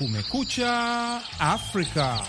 Kumekucha Afrika.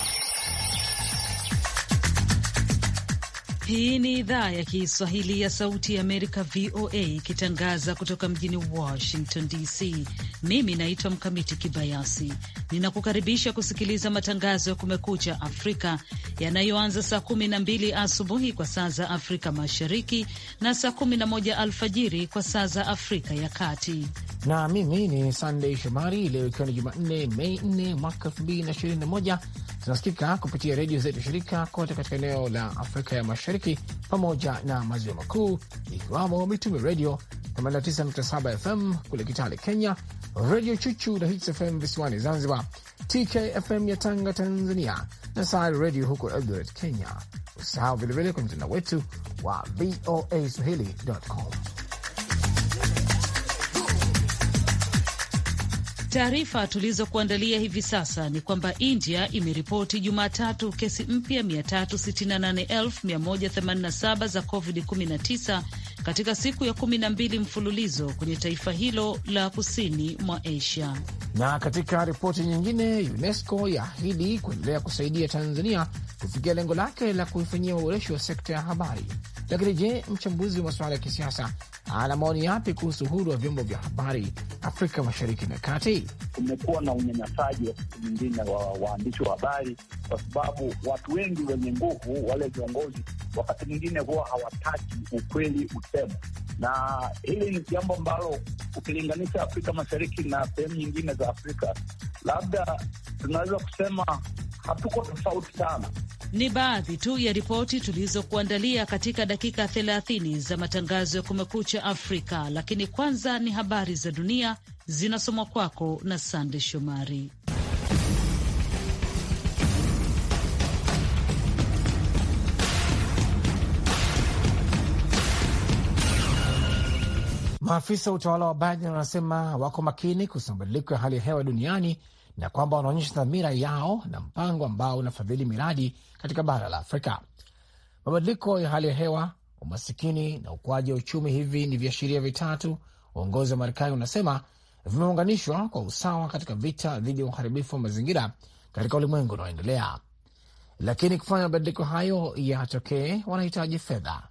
Hii ni idhaa ya Kiswahili ya Sauti ya Amerika, VOA, ikitangaza kutoka mjini Washington DC. Mimi naitwa Mkamiti Kibayasi, ninakukaribisha kusikiliza matangazo ya Kumekucha Afrika yanayoanza saa mbili asubuhi kwa saa za Afrika Mashariki na saa moja alfajiri kwa saa za Afrika ya Kati. Na mimi ni Sandey Shomari. Leo ikiwa ni Jumanne, Mei 4 mwaka 2021, tunasikika kupitia redio zetu shirika kote katika eneo la Afrika ya Mashariki Mashariki pamoja na maziwa makuu, ikiwamo Mitume Redio 89.7 FM kule Kitale, Kenya, Redio Chuchu na Hits FM visiwani Zanzibar, TKFM ya Tanga, Tanzania, na Sayari Redio huko Eldoret, Kenya. Usahau vilevile kwenye mtandao wetu wa VOA swahili.com. Taarifa tulizokuandalia hivi sasa ni kwamba India imeripoti Jumatatu kesi mpya 368,187 za COVID-19 katika siku ya 12 mfululizo kwenye taifa hilo la kusini mwa Asia. Na katika ripoti nyingine, UNESCO yaahidi kuendelea kusaidia Tanzania kufikia lengo lake la kuifanyia uboreshi wa sekta ya habari. Lakini je, mchambuzi wa masuala ya kisiasa ana maoni yapi kuhusu uhuru wa vyombo vya habari Afrika Mashariki na Kati? Kumekuwa na unyanyasaji wakati mwingine wa waandishi wa habari, kwa sababu watu wengi wenye nguvu, wale viongozi, wakati mwingine huwa hawataki ukweli usema, na hili ni jambo ambalo ukilinganisha Afrika Mashariki na sehemu nyingine za Afrika, labda tunaweza kusema hatuko tofauti sana. Ni baadhi tu ya ripoti tulizokuandalia katika dakika 30 za matangazo ya Kumekucha Afrika, lakini kwanza ni habari za dunia zinasomwa kwako na Sande Shomari. Maafisa wa utawala wa Biden wanasema wako makini kuhusu mabadiliko ya hali ya hewa duniani na kwamba wanaonyesha dhamira yao na mpango ambao unafadhili miradi katika bara la Afrika. Mabadiliko ya hali ya hewa, umasikini na ukuaji wa uchumi, hivi ni viashiria vitatu, uongozi wa Marekani unasema vimeunganishwa kwa usawa katika vita dhidi ya uharibifu wa mazingira katika ulimwengu unaoendelea. Lakini kufanya mabadiliko hayo yatokee, wanahitaji fedha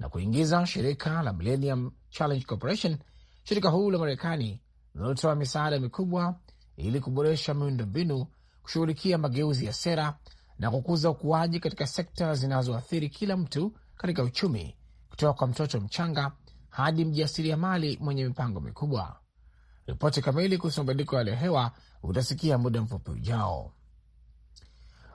na kuingiza shirika la Millennium Challenge Corporation, shirika huu la Marekani linalotoa misaada mikubwa ili kuboresha miundombinu, kushughulikia mageuzi ya sera na kukuza ukuaji katika sekta zinazoathiri kila mtu katika uchumi, kutoka kwa mtoto mchanga hadi mjasiriamali mwenye mipango mikubwa. Ripoti kamili kuhusu mabadiliko ya hali ya hewa utasikia muda mfupi ujao.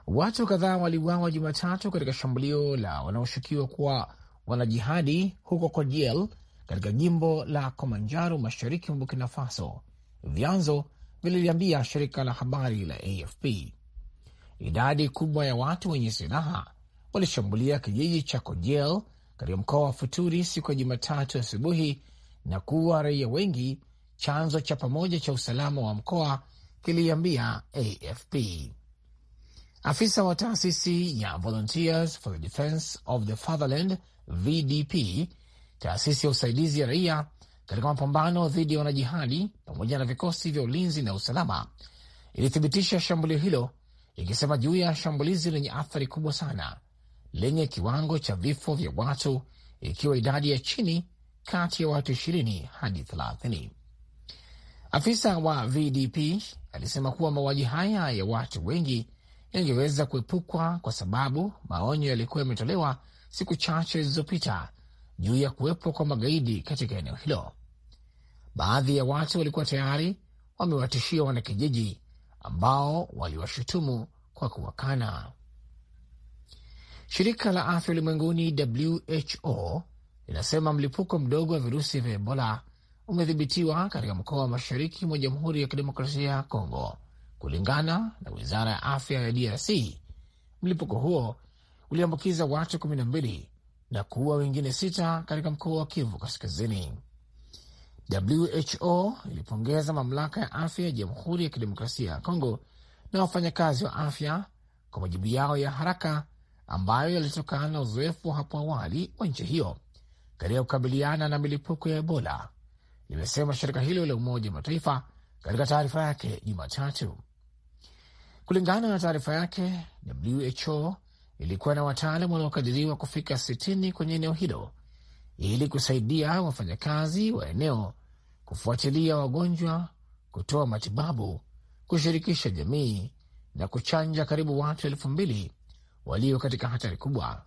Watu kadhaa waliuawa Jumatatu katika shambulio la wanaoshukiwa kuwa wanajihadi huko Kojiel katika jimbo la Komanjaro mashariki mwa Burkina Faso, vyanzo vililiambia shirika la habari la AFP. Idadi kubwa ya watu wenye silaha walishambulia kijiji cha Kojiel katika mkoa wa Futuri siku ya Jumatatu asubuhi na kuwa raia wengi, chanzo cha pamoja cha usalama wa mkoa kiliambia AFP. Afisa wa taasisi ya Volunteers for the Defense of the Fatherland VDP, taasisi ya usaidizi ya raia katika mapambano dhidi ya wanajihadi pamoja na vikosi vya ulinzi na usalama, ilithibitisha shambulio hilo ikisema juu ya shambulizi lenye athari kubwa sana lenye kiwango cha vifo vya watu ikiwa idadi ya chini kati ya watu ishirini hadi thelathini. Afisa wa VDP alisema kuwa mauaji haya ya watu wengi yangeweza kuepukwa kwa sababu maonyo yalikuwa yametolewa siku chache zilizopita juu ya kuwepo kwa magaidi katika eneo hilo. Baadhi ya watu walikuwa tayari wamewatishia wanakijiji ambao waliwashutumu kwa kuwakana. Shirika la afya ulimwenguni WHO linasema mlipuko mdogo wa virusi vya Ebola umedhibitiwa katika mkoa wa mashariki mwa Jamhuri ya Kidemokrasia ya Kongo. Kulingana na wizara ya afya ya DRC, mlipuko huo uliambukiza watu 12 na kuua wengine sita katika mkoa wa Kivu Kaskazini. WHO ilipongeza mamlaka ya afya ya Jamhuri ya Kidemokrasia ya Kongo na wafanyakazi wa afya kwa majibu yao ya haraka ambayo yalitokana na uzoefu wa hapo awali wa nchi hiyo katika kukabiliana na milipuko ya Ebola, limesema shirika hilo la Umoja Mataifa katika taarifa yake Jumatatu. Kulingana na taarifa yake, WHO ilikuwa na wataalam wanaokadiriwa kufika 60 kwenye eneo hilo ili kusaidia wafanyakazi wa eneo kufuatilia wagonjwa, kutoa matibabu, kushirikisha jamii na kuchanja karibu watu elfu mbili walio katika hatari kubwa,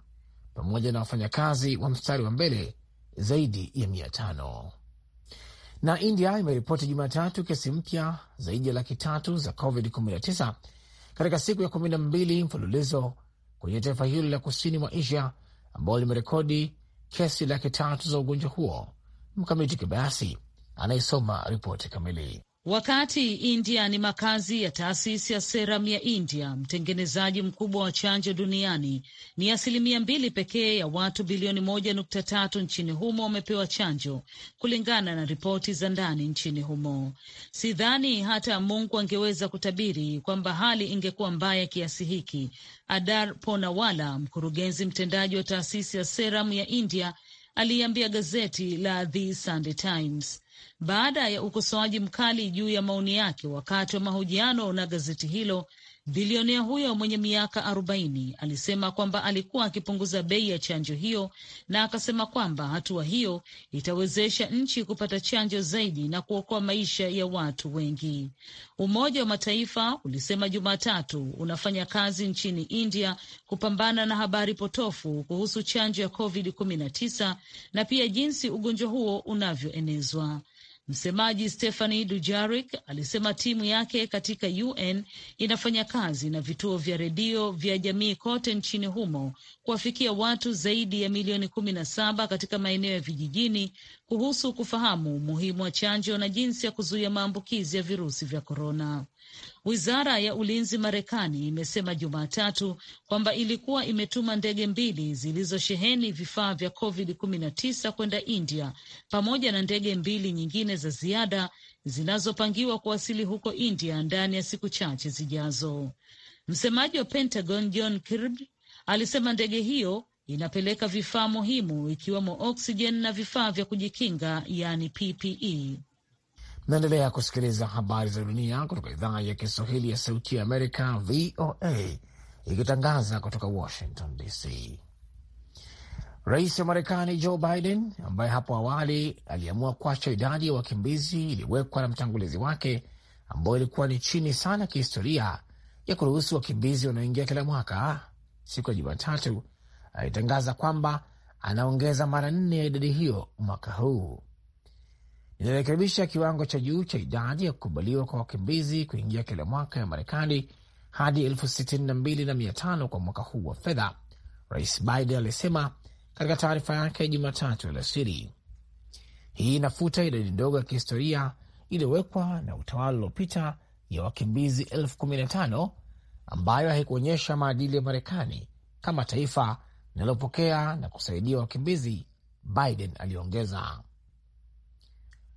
pamoja na wafanyakazi wa mstari wa mbele zaidi ya mia tano. Na India imeripoti Jumatatu kesi mpya zaidi ya laki tatu za COVID-19 katika siku ya kumi na mbili mfululizo kwenye taifa hilo la kusini mwa Asia ambalo limerekodi kesi laki tatu za ugonjwa huo. Mkamiti Kibayasi anayesoma ripoti kamili. Wakati India ni makazi ya taasisi ya Serum ya India, mtengenezaji mkubwa wa chanjo duniani, ni asilimia mbili pekee ya watu bilioni moja nukta tatu nchini humo wamepewa chanjo, kulingana na ripoti za ndani nchini humo. Sidhani hata Mungu angeweza kutabiri kwamba hali ingekuwa mbaya kiasi hiki, Adar Ponawala, mkurugenzi mtendaji wa taasisi ya Serum ya India, aliambia gazeti la The Sunday Times baada ya ukosoaji mkali juu ya maoni yake wakati wa mahojiano na gazeti hilo. Bilionea huyo mwenye miaka arobaini alisema kwamba alikuwa akipunguza bei ya chanjo hiyo na akasema kwamba hatua hiyo itawezesha nchi kupata chanjo zaidi na kuokoa maisha ya watu wengi. Umoja wa Mataifa ulisema Jumatatu unafanya kazi nchini India kupambana na habari potofu kuhusu chanjo ya COVID-19 na pia jinsi ugonjwa huo unavyoenezwa. Msemaji Stephanie Dujarric alisema timu yake katika UN inafanya kazi na vituo vya redio vya jamii kote nchini humo kuwafikia watu zaidi ya milioni kumi na saba katika maeneo ya vijijini kuhusu kufahamu umuhimu wa chanjo na jinsi ya kuzuia maambukizi ya virusi vya korona. Wizara ya ulinzi Marekani imesema Jumatatu kwamba ilikuwa imetuma ndege mbili zilizosheheni vifaa vya COVID-19 kwenda India pamoja na ndege mbili nyingine za ziada zinazopangiwa kuwasili huko India ndani ya siku chache zijazo. Msemaji wa Pentagon John Kirby alisema ndege hiyo inapeleka vifaa muhimu ikiwemo oksijeni na vifaa vya kujikinga, yani PPE. Naendelea kusikiliza habari za dunia kutoka idhaa ya Kiswahili ya Sauti ya Amerika, VOA, ikitangaza kutoka Washington DC. Rais wa Marekani Joe Biden, ambaye hapo awali aliamua kuacha idadi ya wakimbizi iliyowekwa na mtangulizi wake, ambayo ilikuwa ni chini sana kihistoria ya kuruhusu wakimbizi wanaoingia kila mwaka, siku ya Jumatatu alitangaza kwamba anaongeza mara nne ya idadi hiyo mwaka huu inarekebisha kiwango cha juu cha idadi ya kukubaliwa kwa wakimbizi kuingia kila mwaka ya Marekani hadi elfu sitini na mbili na mia tano kwa mwaka huu wa fedha, Rais Biden alisema katika taarifa yake ya Jumatatu alasiri. Hii inafuta idadi ndogo ya kihistoria iliyowekwa na utawala uliopita ya wakimbizi elfu kumi na tano ambayo haikuonyesha maadili ya Marekani kama taifa linalopokea na kusaidia wakimbizi, Biden aliongeza.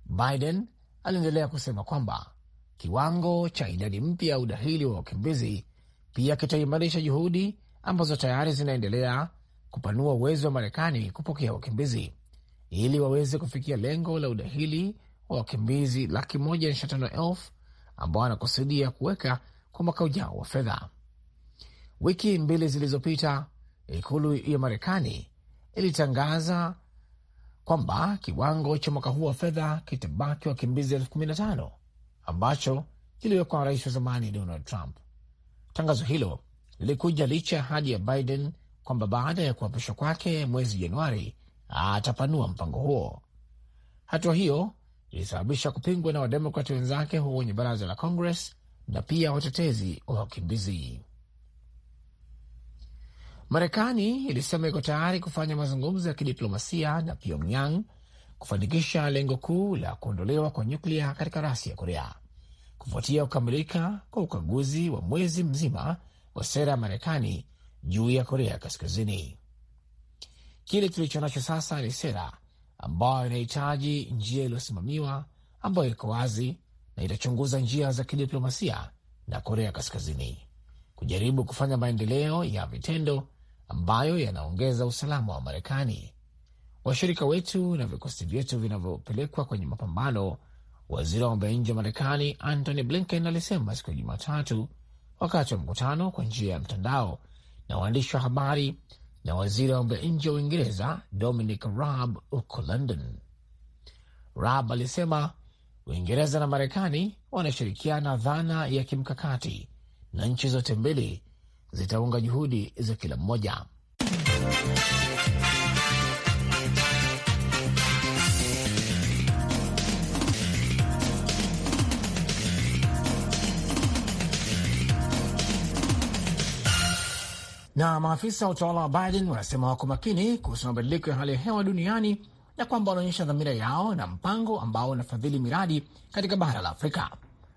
Biden aliendelea kusema kwamba kiwango cha idadi mpya ya udahili wa wakimbizi pia kitaimarisha juhudi ambazo tayari zinaendelea kupanua uwezo wa Marekani kupokea wakimbizi ili waweze kufikia lengo la udahili wa wakimbizi laki moja na ishirini na tano elfu ambao anakusudia kuweka kwa mwaka ujao wa fedha. Wiki mbili zilizopita, ikulu ya Marekani ilitangaza kwamba kiwango cha mwaka huu wa fedha kitabaki wakimbizi elfu kumi na tano ambacho kiliwekwa na rais wa zamani Donald Trump. Tangazo hilo lilikuja licha ya ahadi ya Biden kwamba baada ya kuapishwa kwake mwezi Januari atapanua mpango huo. Hatua hiyo ilisababisha kupingwa na Wademokrati wenzake huko kwenye baraza la Congress na pia watetezi wa wakimbizi. Marekani ilisema iko tayari kufanya mazungumzo ya kidiplomasia na Pyongyang kufanikisha lengo kuu la kuondolewa kwa nyuklia katika rasi ya Korea kufuatia kukamilika kwa ukaguzi wa mwezi mzima wa sera ya Marekani juu ya Korea Kaskazini. Kile tulicho nacho sasa ni sera ambayo inahitaji njia iliyosimamiwa ambayo iko wazi na itachunguza njia za kidiplomasia na Korea Kaskazini, kujaribu kufanya maendeleo ya vitendo ambayo yanaongeza usalama wa Marekani, washirika wetu na vikosi vyetu vinavyopelekwa kwenye mapambano, waziri wa mambo ya nje wa Marekani Antony Blinken alisema siku ya Jumatatu wakati wa mkutano kwa njia ya mtandao na waandishi wa habari na waziri wa mambo ya nje wa Uingereza Dominic Raab huko London. Raab alisema Uingereza na Marekani wanashirikiana dhana ya kimkakati na nchi zote mbili zitaunga juhudi za kila mmoja. Na maafisa wa utawala wa Biden wanasema wako makini kuhusu mabadiliko ya hali ya hewa duniani na kwamba wanaonyesha dhamira yao na mpango ambao unafadhili miradi katika bara la Afrika.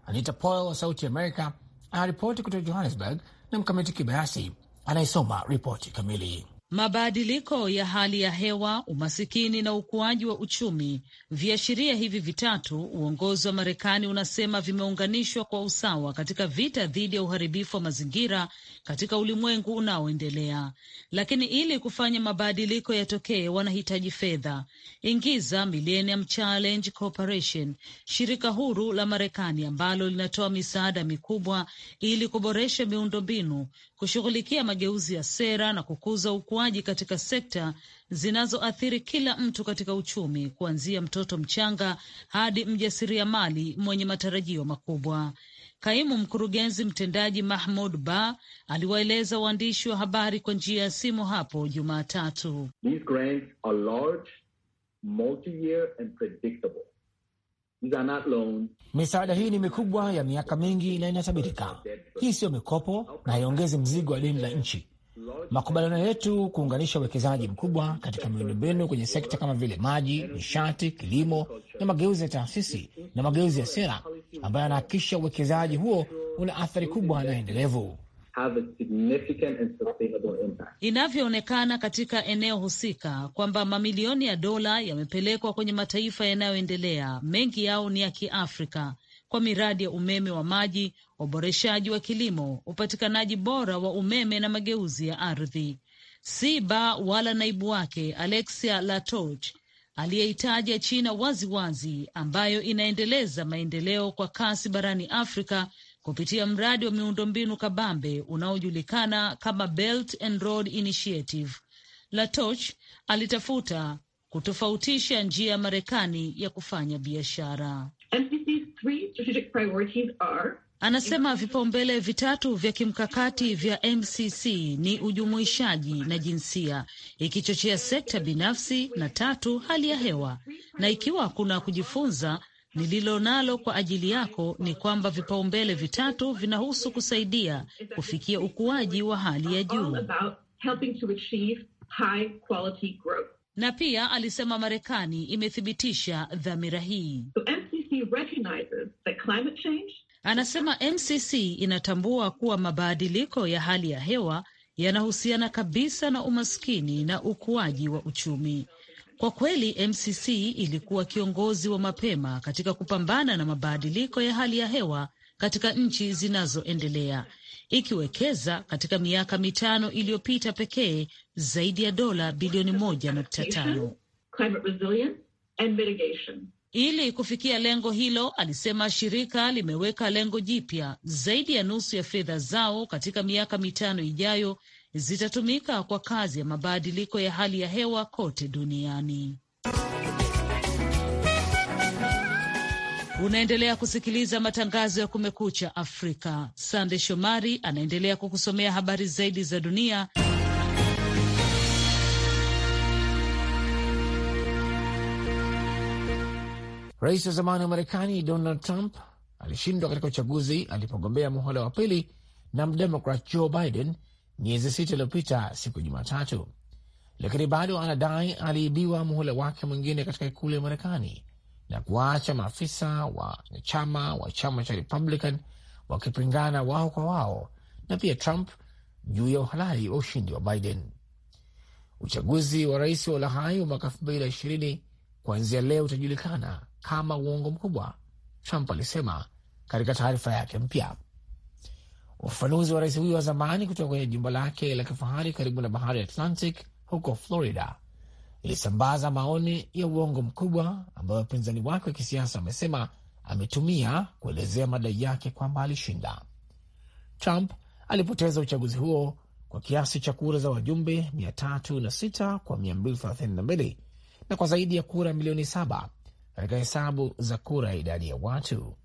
Anita Powell wa Sauti Amerika anaripoti kutoka Johannesburg na Mkamiti Kibayasi anayesoma ripoti kamili. Mabadiliko ya hali ya hewa, umasikini na ukuaji wa uchumi, viashiria hivi vitatu uongozi wa Marekani unasema vimeunganishwa kwa usawa katika vita dhidi ya uharibifu wa mazingira katika ulimwengu unaoendelea. Lakini ili kufanya mabadiliko yatokee, wanahitaji fedha. Ingiza Millennium Challenge Corporation, shirika huru la Marekani ambalo linatoa misaada mikubwa ili kuboresha miundombinu, kushughulikia mageuzi ya sera na kukuza ukuaji ukuaji katika sekta zinazoathiri kila mtu katika uchumi, kuanzia mtoto mchanga hadi mjasiriamali mwenye matarajio makubwa. Kaimu mkurugenzi mtendaji Mahmud Ba aliwaeleza waandishi wa habari kwa njia ya simu hapo Jumatatu. Misaada hii ni mikubwa ya miaka mingi na inatabirika. Hii siyo mikopo na haiongezi mzigo wa deni la nchi. Makubaliano yetu kuunganisha uwekezaji mkubwa katika miundombinu kwenye sekta kama vile maji, nishati, kilimo na mageuzi ya taasisi na mageuzi ya sera ambayo yanahakikisha uwekezaji huo una athari kubwa na endelevu. Inavyoonekana katika eneo husika kwamba mamilioni ya dola yamepelekwa kwenye mataifa yanayoendelea, mengi yao ni ya Kiafrika kwa miradi ya umeme wa maji, uboreshaji wa kilimo, upatikanaji bora wa umeme na mageuzi ya ardhi. Si ba wala naibu wake Alexia Latoch aliyeitaja China waziwazi wazi, ambayo inaendeleza maendeleo kwa kasi barani Afrika kupitia mradi wa miundombinu kabambe unaojulikana kama Belt and Road Initiative. Latoch alitafuta kutofautisha njia ya Marekani ya kufanya biashara three strategic priorities are Anasema vipaumbele vitatu vya kimkakati vya MCC ni ujumuishaji na jinsia, ikichochea sekta binafsi, na tatu, hali ya hewa. Na ikiwa kuna kujifunza nililo nalo kwa ajili yako ni kwamba vipaumbele vitatu vinahusu kusaidia kufikia ukuaji wa hali ya juu na pia alisema Marekani imethibitisha dhamira hii. So climate change. Anasema MCC inatambua kuwa mabadiliko ya hali ya hewa yanahusiana kabisa na umaskini na ukuaji wa uchumi. Kwa kweli MCC ilikuwa kiongozi wa mapema katika kupambana na mabadiliko ya hali ya hewa katika nchi zinazoendelea ikiwekeza katika miaka mitano iliyopita pekee zaidi ya dola bilioni moja nukta tano. Ili kufikia lengo hilo, alisema shirika limeweka lengo jipya: zaidi ya nusu ya fedha zao katika miaka mitano ijayo zitatumika kwa kazi ya mabadiliko ya hali ya hewa kote duniani. Unaendelea kusikiliza matangazo ya Kumekucha Afrika. Sande Shomari anaendelea kukusomea habari zaidi za dunia. Rais wa zamani wa Marekani Donald Trump alishindwa katika uchaguzi alipogombea muhula wa pili na mdemokrat Joe Biden miezi sita iliyopita siku ya Jumatatu, lakini bado anadai aliibiwa muhula wake mwingine katika ikulu ya Marekani na kuwaacha maafisa wa chama wa chama cha Republican wakipingana wao kwa wao na pia Trump juu ya uhalali wa ushindi wa Biden. Uchaguzi wa rais wa Ulahai wa mwaka elfu mbili na ishirini kuanzia leo utajulikana kama uongo mkubwa, Trump alisema katika taarifa yake mpya. Ufafanuzi wa rais huyo wa zamani kutoka kwenye jumba lake la kifahari karibu na bahari ya Atlantic huko Florida ilisambaza maoni ya uongo mkubwa ambayo wapinzani wake wa kisiasa wamesema ametumia kuelezea madai yake kwamba alishinda. Trump alipoteza uchaguzi huo kwa kiasi cha kura za wajumbe 306 kwa 232 na kwa zaidi ya kura milioni saba katika hesabu za kura ya idadi ya watu.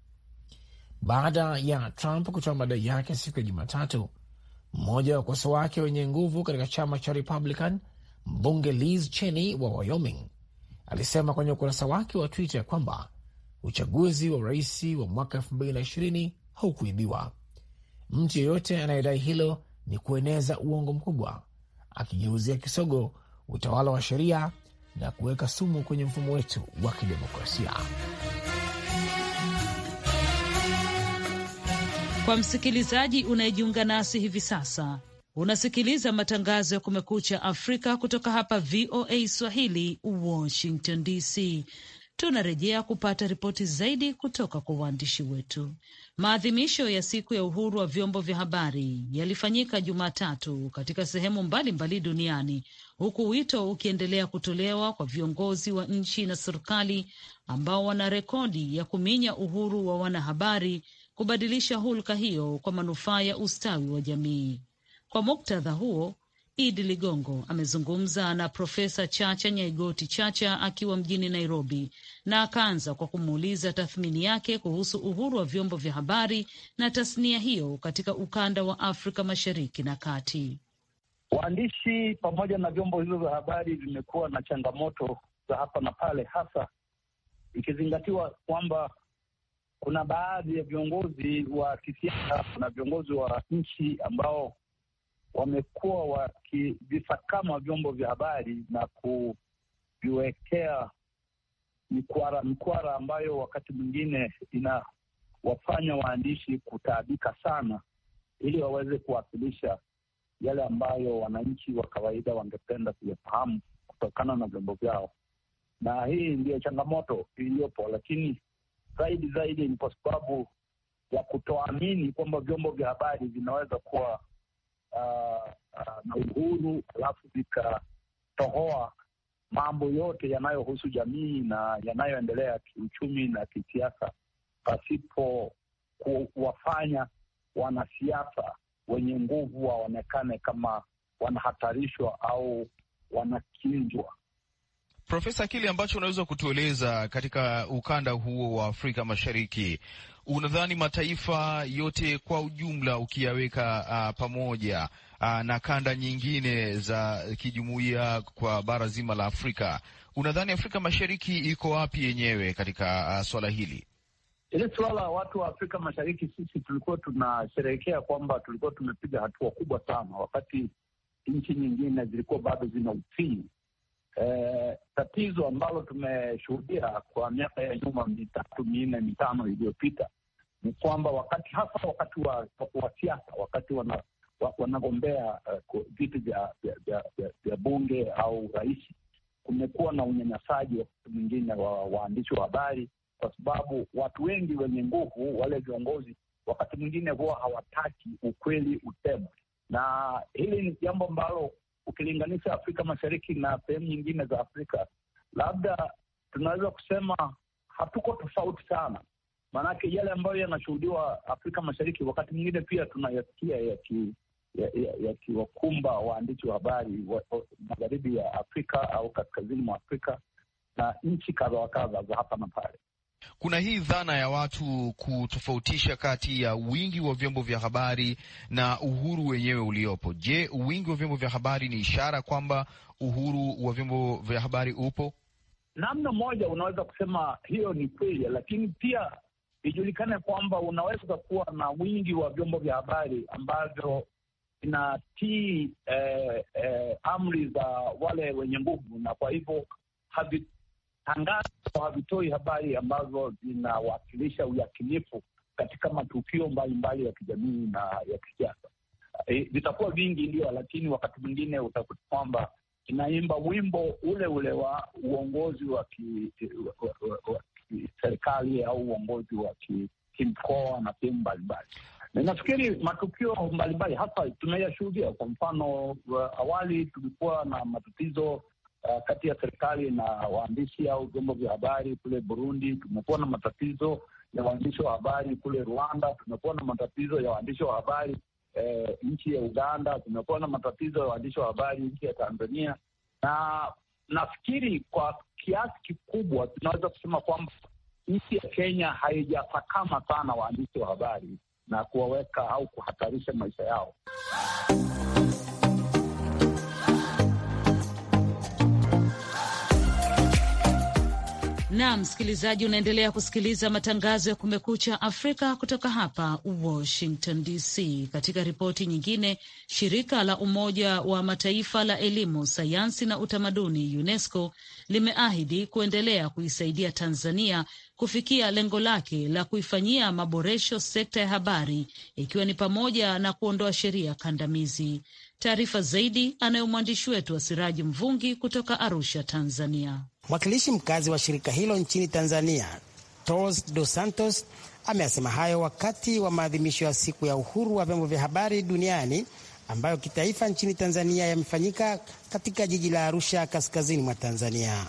Baada ya Trump kutoa madai yake siku ya Jumatatu, mmoja wa wakosoa wake wenye nguvu katika chama cha Republican, mbunge Liz Cheney wa Wyoming, alisema kwenye ukurasa wake wa Twitter kwamba uchaguzi wa urais wa mwaka 2020 haukuibiwa. Mtu yeyote anayedai hilo ni kueneza uongo mkubwa, akigeuzia kisogo utawala wa sheria na kuweka sumu kwenye mfumo wetu wa kidemokrasia. Kwa msikilizaji unayejiunga nasi hivi sasa, unasikiliza matangazo ya Kumekucha Afrika kutoka hapa VOA Swahili, Washington DC tunarejea kupata ripoti zaidi kutoka kwa waandishi wetu. Maadhimisho ya siku ya uhuru wa vyombo vya habari yalifanyika Jumatatu katika sehemu mbalimbali mbali duniani, huku wito ukiendelea kutolewa kwa viongozi wa nchi na serikali ambao wana rekodi ya kuminya uhuru wa wanahabari kubadilisha hulka hiyo kwa manufaa ya ustawi wa jamii. Kwa muktadha huo Idi Ligongo amezungumza na Profesa Chacha Nyaigoti Chacha akiwa mjini Nairobi, na akaanza kwa kumuuliza tathmini yake kuhusu uhuru wa vyombo vya habari na tasnia hiyo katika ukanda wa Afrika Mashariki na Kati. Waandishi pamoja na vyombo hivyo vya habari vimekuwa na changamoto za hapa na pale, hasa ikizingatiwa kwamba kuna baadhi ya viongozi wa kisiasa na viongozi wa nchi ambao wamekuwa wakivisakama vyombo vya habari na kuviwekea mkwara mkwara ambayo wakati mwingine inawafanya waandishi kutaabika sana, ili waweze kuwasilisha yale ambayo wananchi wa kawaida wangependa kuyafahamu kutokana na vyombo vyao, na hii ndiyo changamoto iliyopo, lakini zaidi zaidi ni kwa sababu ya kutoamini kwamba vyombo vya habari vinaweza kuwa uh, uh, na uhuru, alafu vikatohoa mambo yote yanayohusu jamii na yanayoendelea kiuchumi na kisiasa, pasipo kuwafanya wanasiasa wenye nguvu waonekane kama wanahatarishwa au wanakinjwa Profesa, kile ambacho unaweza kutueleza katika ukanda huo wa Afrika Mashariki unadhani mataifa yote kwa ujumla ukiyaweka uh, pamoja uh, na kanda nyingine za kijumuiya kwa bara zima la Afrika, unadhani Afrika Mashariki iko wapi yenyewe katika uh, swala hili? Ile suala watu wa Afrika Mashariki, sisi tulikuwa tunasherehekea kwamba tulikuwa tumepiga hatua kubwa sana, wakati nchi nyingine zilikuwa bado zina utii eh, tatizo ambalo tumeshuhudia kwa miaka ya nyuma mitatu minne mitano iliyopita ni kwamba wakati hasa wakati wa, wa siasa wakati wana, wa, wanagombea eh, viti uh, vya bunge au rahisi kumekuwa na unyanyasaji wakati mwingine wa waandishi wa habari, kwa sababu watu wengi wenye nguvu, wale viongozi, wakati mwingine huwa hawataki ukweli usemwe, na hili ni jambo ambalo ukilinganisha Afrika Mashariki na sehemu nyingine za Afrika, labda tunaweza kusema hatuko tofauti sana, maanake yale ambayo yanashuhudiwa Afrika Mashariki wakati mwingine pia tunayasikia yakiwakumba ya, ya, ya waandishi wa habari wa, wa, magharibi ya Afrika au kaskazini mwa Afrika na nchi kadha wa kadha za hapa na pale. Kuna hii dhana ya watu kutofautisha kati ya wingi wa vyombo vya habari na uhuru wenyewe uliopo. Je, wingi wa vyombo vya habari ni ishara kwamba uhuru wa vyombo vya habari upo? Namna moja unaweza kusema hiyo ni kweli, lakini pia ijulikane kwamba unaweza kuwa na wingi wa vyombo vya habari ambavyo vinatii eh, eh, amri za wale wenye nguvu, na kwa hivyo havi tangazo havitoi habari ambazo zinawakilisha uyakinifu katika matukio mbalimbali ya kijamii na ya kisiasa. Eh, vitakuwa vingi ndio, lakini wakati mwingine utakuta kwamba inaimba wimbo ule ule wa uongozi wa kiserikali au uongozi wa kimkoa na sehemu mbalimbali. Na nafikiri matukio mbalimbali hasa tumeyashuhudia. Kwa mfano, awali tulikuwa na matatizo uh, kati ya serikali na waandishi au vyombo vya habari kule Burundi. Tumekuwa na matatizo ya waandishi wa habari kule Rwanda. Tumekuwa na matatizo ya waandishi wa habari eh, nchi ya Uganda. Tumekuwa na matatizo ya waandishi wa habari nchi ya Tanzania, na nafikiri kwa kiasi kikubwa tunaweza kusema kwamba nchi ya Kenya haijasakama sana waandishi wa habari na kuwaweka au kuhatarisha maisha yao na msikilizaji, unaendelea kusikiliza matangazo ya Kumekucha Afrika kutoka hapa Washington DC. Katika ripoti nyingine, shirika la Umoja wa Mataifa la elimu, sayansi na utamaduni UNESCO limeahidi kuendelea kuisaidia Tanzania kufikia lengo lake la kuifanyia maboresho sekta ya habari, ikiwa ni pamoja na kuondoa sheria kandamizi. Taarifa zaidi anayo mwandishi wetu wa Siraji Mvungi kutoka Arusha, Tanzania. Mwakilishi mkazi wa shirika hilo nchini Tanzania, Tos Dos Santos, ameasema hayo wakati wa maadhimisho ya siku ya uhuru wa vyombo vya habari duniani ambayo kitaifa nchini Tanzania yamefanyika katika jiji la Arusha, kaskazini mwa Tanzania.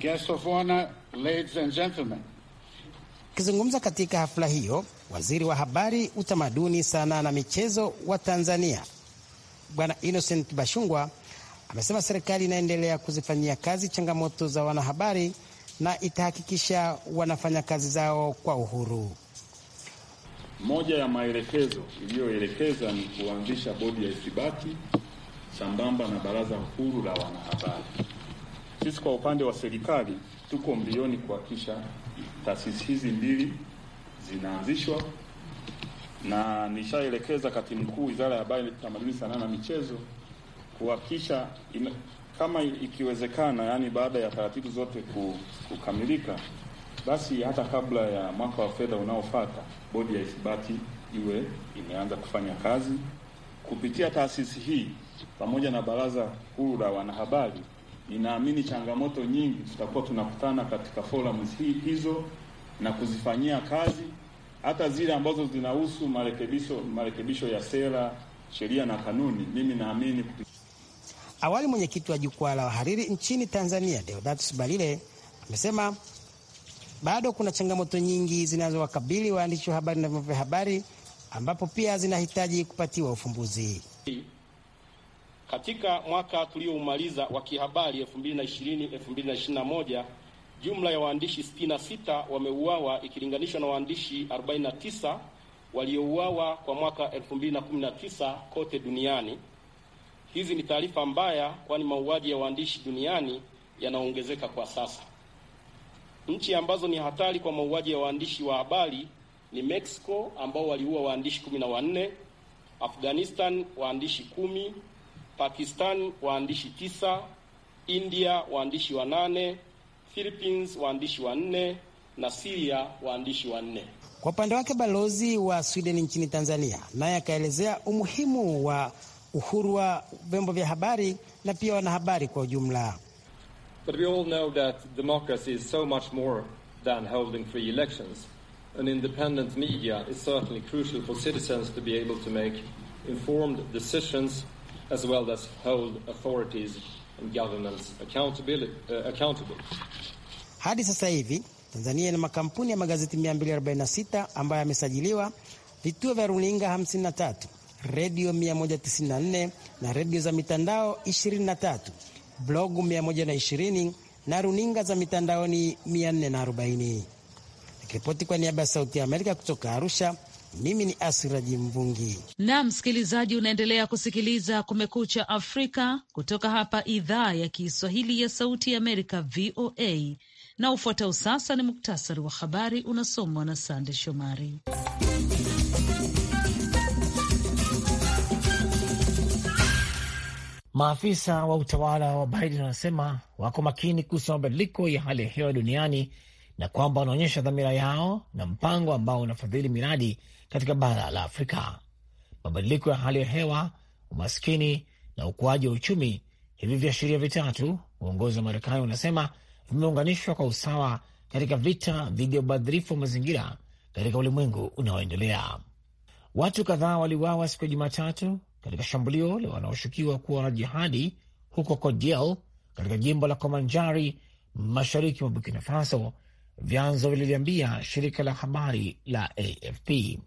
Guests of honor, ladies and gentlemen. Akizungumza katika hafla hiyo, waziri wa habari, utamaduni, sanaa na michezo wa Tanzania Bwana Innocent Bashungwa amesema serikali inaendelea kuzifanyia kazi changamoto za wanahabari na itahakikisha wanafanya kazi zao kwa uhuru. Moja ya maelekezo iliyoelekeza ni kuanzisha bodi ya ithibati sambamba na baraza huru la wanahabari. Sisi kwa upande wa serikali tuko mbioni kuhakikisha taasisi hizi mbili zinaanzishwa, na nishaelekeza katibu mkuu Wizara ya Habari, tamaduni Sanaa na Michezo kuhakikisha kama ikiwezekana, yani baada ya taratibu zote kukamilika, basi hata kabla ya mwaka wa fedha unaofuata bodi ya ithibati iwe imeanza kufanya kazi kupitia taasisi hii pamoja na Baraza Huru la Wanahabari. Ninaamini changamoto nyingi tutakuwa tunakutana katika forums hii hizo na kuzifanyia kazi, hata zile ambazo zinahusu marekebisho marekebisho ya sera, sheria na kanuni. Mimi naamini awali, mwenyekiti wa jukwaa la wahariri nchini Tanzania Deodatus Balile amesema bado kuna changamoto nyingi zinazowakabili waandishi wa habari na vyombo vya habari ambapo pia zinahitaji kupatiwa ufumbuzi. Katika mwaka tulioumaliza wa kihabari 2020 2021 jumla ya waandishi 66 wameuawa ikilinganishwa na waandishi 49 waliouawa kwa mwaka 2019 kote duniani. Hizi ni taarifa mbaya, kwani mauaji ya waandishi duniani yanaongezeka kwa sasa. Nchi ambazo ni hatari kwa mauaji ya waandishi wa habari ni Mexico ambao waliua waandishi 14, Afghanistan waandishi kumi Pakistan waandishi tisa, India waandishi wanane, Philippines waandishi wanne na Syria waandishi wanne. Kwa upande wake balozi wa Sweden nchini Tanzania naye akaelezea umuhimu wa uhuru wa vyombo vya habari na pia wanahabari kwa ujumla. But we all know that democracy is so much more than holding free elections. An independent media is certainly crucial for citizens to be able to make informed decisions as well as hold authorities and governments uh, accountable. Hadi sasa hivi Tanzania ina makampuni ya magazeti 246 ambayo yamesajiliwa, vituo vya runinga 53, redio 194 na redio za mitandao 23, blogu 120 na runinga za mitandaoni 440. Nikiripoti kwa niaba ya Sauti ya Amerika kutoka Arusha. Mimi ni Asiraji Mvungi na msikilizaji, unaendelea kusikiliza Kumekucha Afrika kutoka hapa idhaa ya Kiswahili ya Sauti ya Amerika, VOA. Na ufuatao sasa ni muktasari wa habari unasomwa na Sande Shomari. Maafisa wa utawala wa Biden wanasema wako makini kuhusu mabadiliko ya hali ya hewa duniani na kwamba wanaonyesha dhamira yao na mpango ambao unafadhili miradi katika bara la Afrika. Mabadiliko ya hali ya hewa, umaskini na ukuaji wa uchumi, hivi viashiria vitatu, uongozi wa Marekani unasema vimeunganishwa kwa usawa katika vita dhidi ya ubadhirifu wa mazingira katika ulimwengu unaoendelea. Watu kadhaa waliuawa siku ya Jumatatu katika shambulio la wanaoshukiwa kuwa wanajihadi huko Kodiel katika jimbo la Komanjari mashariki mwa Burkina Faso vyanzo vililiambia shirika la habari la AFP.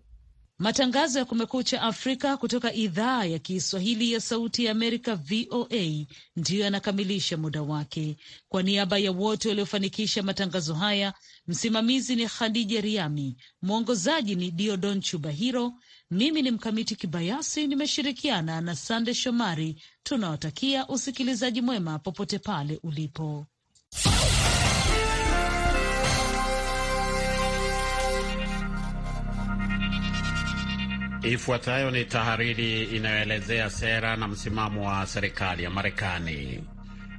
Matangazo ya Kumekucha Afrika kutoka idhaa ya Kiswahili ya Sauti ya Amerika, VOA, ndiyo yanakamilisha muda wake. Kwa niaba ya wote waliofanikisha matangazo haya, msimamizi ni Khadija Riami, mwongozaji ni Diodon Chubahiro, mimi ni Mkamiti Kibayasi, nimeshirikiana na Sande Shomari. Tunawatakia usikilizaji mwema popote pale ulipo. Ifuatayo ni tahariri inayoelezea sera na msimamo wa serikali ya Marekani.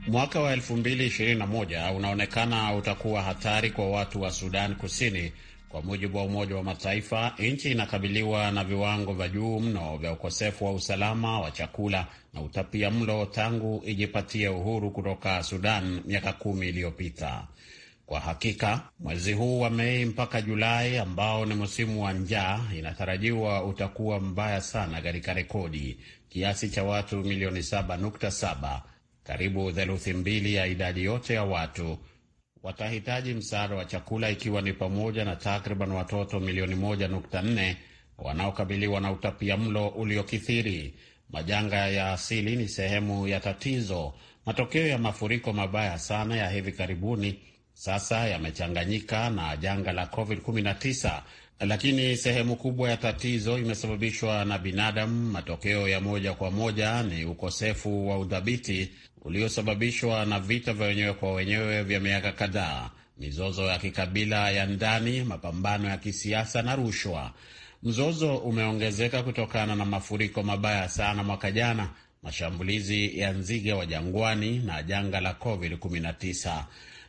Mwaka wa 2021 unaonekana utakuwa hatari kwa watu wa Sudan Kusini. Kwa mujibu wa Umoja wa Mataifa, nchi inakabiliwa na viwango vya juu mno vya ukosefu wa usalama wa chakula na utapia mlo tangu ijipatie uhuru kutoka Sudan miaka kumi iliyopita. Kwa hakika mwezi huu wa Mei mpaka Julai, ambao ni msimu wa njaa, inatarajiwa utakuwa mbaya sana katika rekodi, kiasi cha watu milioni 7.7, karibu theluthi mbili ya idadi yote ya watu watahitaji msaada wa chakula, ikiwa ni pamoja na takriban watoto milioni 1.4 wanaokabiliwa na utapia mlo uliokithiri. Majanga ya asili ni sehemu ya tatizo. Matokeo ya mafuriko mabaya sana ya hivi karibuni sasa yamechanganyika na janga la COVID-19, lakini sehemu kubwa ya tatizo imesababishwa na binadamu. Matokeo ya moja kwa moja ni ukosefu wa udhabiti uliosababishwa na vita vya wenyewe kwa wenyewe vya miaka kadhaa, mizozo ya kikabila ya ndani, mapambano ya kisiasa na rushwa. Mzozo umeongezeka kutokana na mafuriko mabaya sana mwaka jana, mashambulizi ya nzige wa jangwani na janga la COVID-19.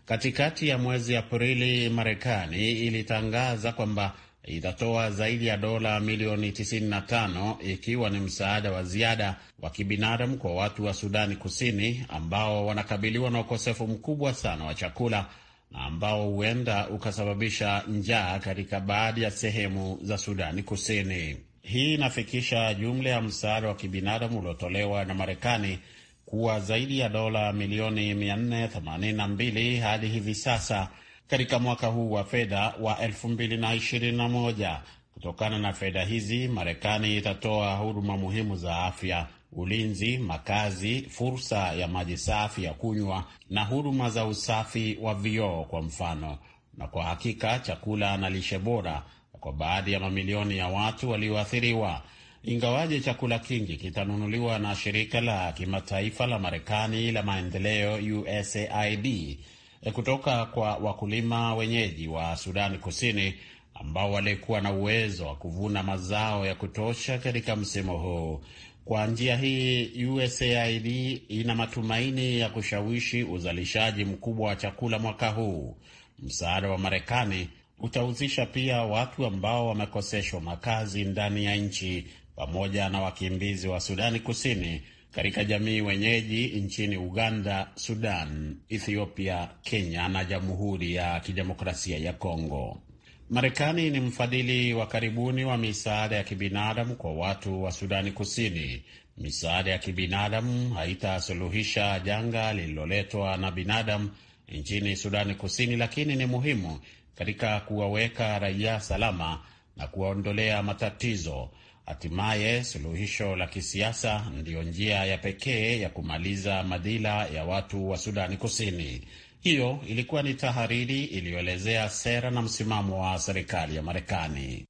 Katikati ya mwezi Aprili, Marekani ilitangaza kwamba itatoa zaidi ya dola milioni 95 ikiwa ni msaada wa ziada wa kibinadamu kwa watu wa Sudani Kusini ambao wanakabiliwa na ukosefu mkubwa sana wa chakula na ambao huenda ukasababisha njaa katika baadhi ya sehemu za Sudani Kusini. Hii inafikisha jumla ya msaada wa kibinadamu uliotolewa na Marekani kuwa zaidi ya dola milioni 482 hadi hivi sasa katika mwaka huu wa fedha wa 2021. Kutokana na fedha hizi, Marekani itatoa huduma muhimu za afya, ulinzi, makazi, fursa ya maji safi ya kunywa na huduma za usafi wa vioo kwa mfano, na kwa hakika chakula na lishe bora kwa baadhi ya mamilioni ya watu walioathiriwa ingawaje chakula kingi kitanunuliwa na shirika la kimataifa la Marekani la maendeleo USAID e, kutoka kwa wakulima wenyeji wa Sudani Kusini ambao walikuwa na uwezo wa kuvuna mazao ya kutosha katika msimu huu. Kwa njia hii USAID ina matumaini ya kushawishi uzalishaji mkubwa wa chakula mwaka huu. Msaada wa Marekani utahusisha pia watu ambao wamekoseshwa makazi ndani ya nchi pamoja na wakimbizi wa Sudani Kusini katika jamii wenyeji nchini Uganda, Sudan, Ethiopia, Kenya na Jamhuri ya Kidemokrasia ya Kongo. Marekani ni mfadhili wa karibuni wa misaada ya kibinadamu kwa watu wa Sudani Kusini. Misaada ya kibinadamu haitasuluhisha janga lililoletwa na binadamu nchini Sudani Kusini, lakini ni muhimu katika kuwaweka raia salama na kuwaondolea matatizo Hatimaye suluhisho la kisiasa ndiyo njia ya pekee ya kumaliza madhila ya watu wa Sudani Kusini. Hiyo ilikuwa ni tahariri iliyoelezea sera na msimamo wa serikali ya Marekani.